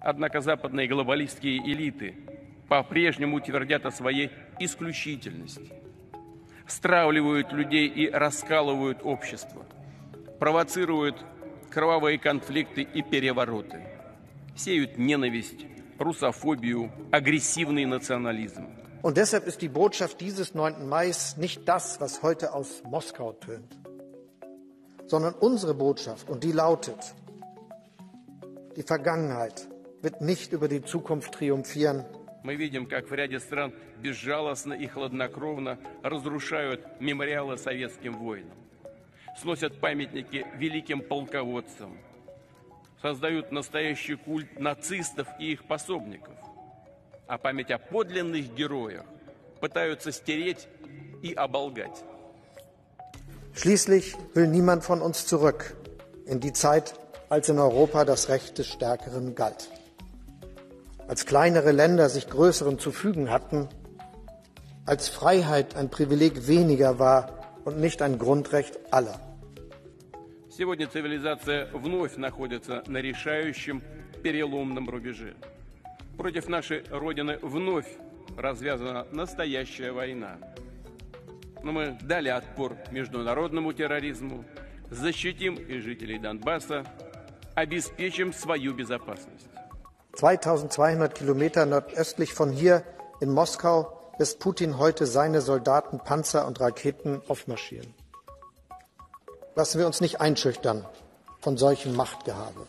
Однако западные глобалистские элиты по-прежнему твердят о своей исключительности, стравливают людей и раскалывают общество, провоцируют кровавые конфликты и перевороты, сеют ненависть, русофобию, агрессивный национализм. Und deshalb ist die Botschaft dieses 9. Mai nicht das, was heute aus Moskau tönt, sondern unsere Botschaft, und die lautet, die Vergangenheit wird nicht über die Zukunft triumphieren. Мы видим, как в ряде стран безжалостно и хладнокровно разрушают мемориалы советским воинам, сносят памятники великим полководцам, создают настоящий культ нацистов и их пособников, а память о подлинных героях пытаются стереть и оболгать. Schließlich will niemand von uns zurück in die Zeit, als in Europa das Recht des Stärkeren galt. als kleinere Länder sich größeren zu fügen hatten, als Freiheit ein Privileg weniger war und nicht ein Grundrecht aller. Сегодня цивилизация вновь находится на решающем переломном рубеже. Против нашей Родины вновь развязана настоящая война. Но мы дали отпор международному терроризму, защитим и жителей Донбасса, обеспечим свою безопасность. 2200 Kilometer nordöstlich von hier in Moskau lässt Putin heute seine Soldaten Panzer und Raketen aufmarschieren. Lassen wir uns nicht einschüchtern von solchem Machtgehabe.